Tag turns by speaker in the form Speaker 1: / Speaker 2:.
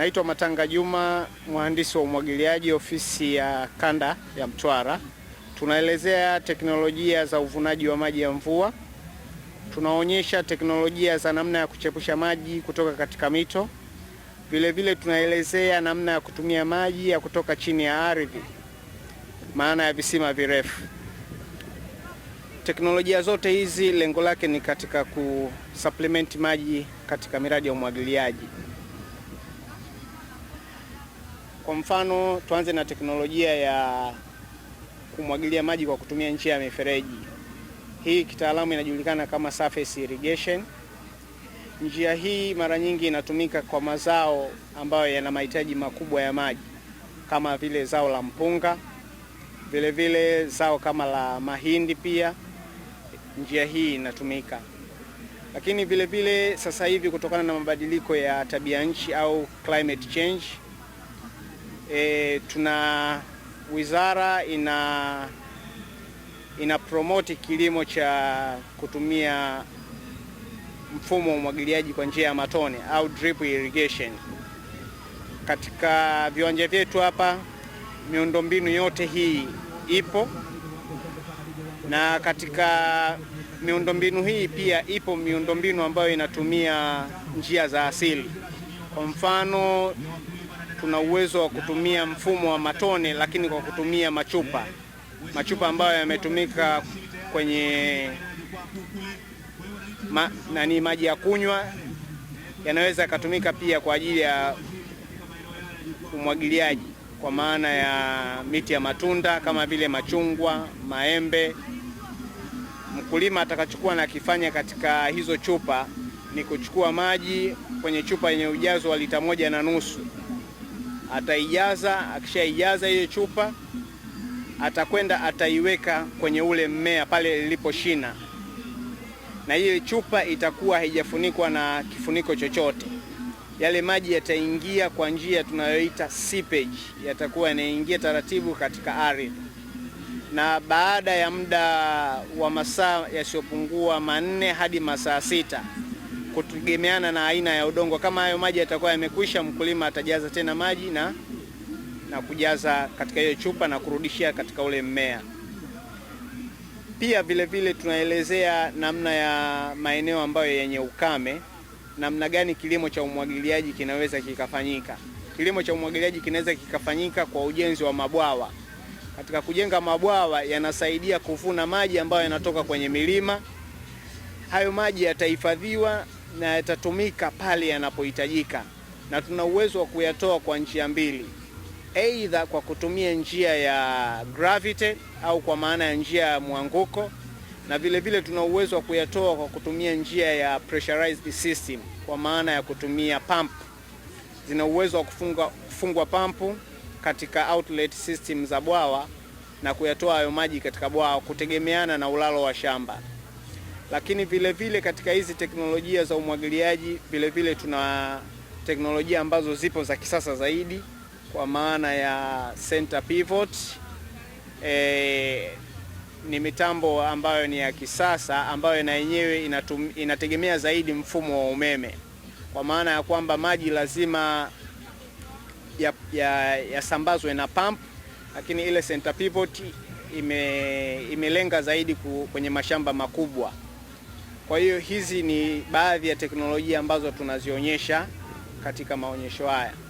Speaker 1: Naitwa Matanga Juma, mhandisi wa umwagiliaji, ofisi ya kanda ya Mtwara. Tunaelezea teknolojia za uvunaji wa maji ya mvua. Tunaonyesha teknolojia za namna ya kuchepusha maji kutoka katika mito. Vilevile tunaelezea namna ya kutumia maji ya kutoka chini ya ardhi, maana ya visima virefu. Teknolojia zote hizi lengo lake ni katika kusupplement maji katika miradi ya umwagiliaji. Kwa mfano tuanze na teknolojia ya kumwagilia maji kwa kutumia njia ya mifereji. Hii kitaalamu inajulikana kama surface irrigation. Njia hii mara nyingi inatumika kwa mazao ambayo yana mahitaji makubwa ya maji kama vile zao la mpunga, vile vile zao kama la mahindi, pia njia hii inatumika. Lakini vile vile sasa hivi kutokana na mabadiliko ya tabia nchi au climate change e, tuna wizara ina ina promote kilimo cha kutumia mfumo wa umwagiliaji kwa njia ya matone au drip irrigation katika viwanja vyetu hapa. Miundombinu yote hii ipo, na katika miundombinu hii pia ipo miundombinu ambayo inatumia njia za asili, kwa mfano tuna uwezo wa kutumia mfumo wa matone, lakini kwa kutumia machupa machupa ambayo yametumika kwenye ma, nani maji ya kunywa yanaweza yakatumika pia kwa ajili ya umwagiliaji kwa maana ya miti ya matunda kama vile machungwa, maembe. Mkulima atakachokuwa kifanya katika hizo chupa ni kuchukua maji kwenye chupa yenye ujazo wa lita moja na nusu ataijaza. Akishaijaza hiyo chupa, atakwenda ataiweka kwenye ule mmea pale lilipo shina, na ile chupa itakuwa haijafunikwa na kifuniko chochote. Yale maji yataingia kwa njia tunayoita seepage, yatakuwa yanaingia taratibu katika ardhi, na baada ya muda wa masaa yasiyopungua manne hadi masaa sita kutegemeana na aina ya udongo. Kama hayo maji yatakuwa yamekwisha, mkulima atajaza tena maji na, na kujaza katika hiyo chupa na kurudishia katika ule mmea. Pia vile vile tunaelezea namna ya maeneo ambayo yenye ukame, namna gani kilimo cha umwagiliaji kinaweza kikafanyika. Kilimo cha umwagiliaji kinaweza kikafanyika kwa ujenzi wa mabwawa. Katika kujenga mabwawa, yanasaidia kuvuna maji ambayo yanatoka kwenye milima. Hayo maji yatahifadhiwa na yatatumika pale yanapohitajika, na tuna uwezo wa kuyatoa kwa njia mbili, aidha kwa kutumia njia ya gravity au kwa maana ya njia ya mwanguko, na vile vile tuna uwezo wa kuyatoa kwa kutumia njia ya pressurized system kwa maana ya kutumia pump. Zina uwezo wa kufunga, kufungwa pampu katika outlet system za bwawa na kuyatoa hayo maji katika bwawa kutegemeana na ulalo wa shamba lakini vile vile katika hizi teknolojia za umwagiliaji vile vile tuna teknolojia ambazo zipo za kisasa zaidi kwa maana ya center pivot. E, ni mitambo ambayo ni ya kisasa ambayo na yenyewe inategemea zaidi mfumo wa umeme kwa maana ya kwamba maji lazima yasambazwe ya, ya na pump, lakini ile center pivot ime, imelenga zaidi kwenye mashamba makubwa. Kwa hiyo hizi ni baadhi ya teknolojia ambazo tunazionyesha katika maonyesho haya.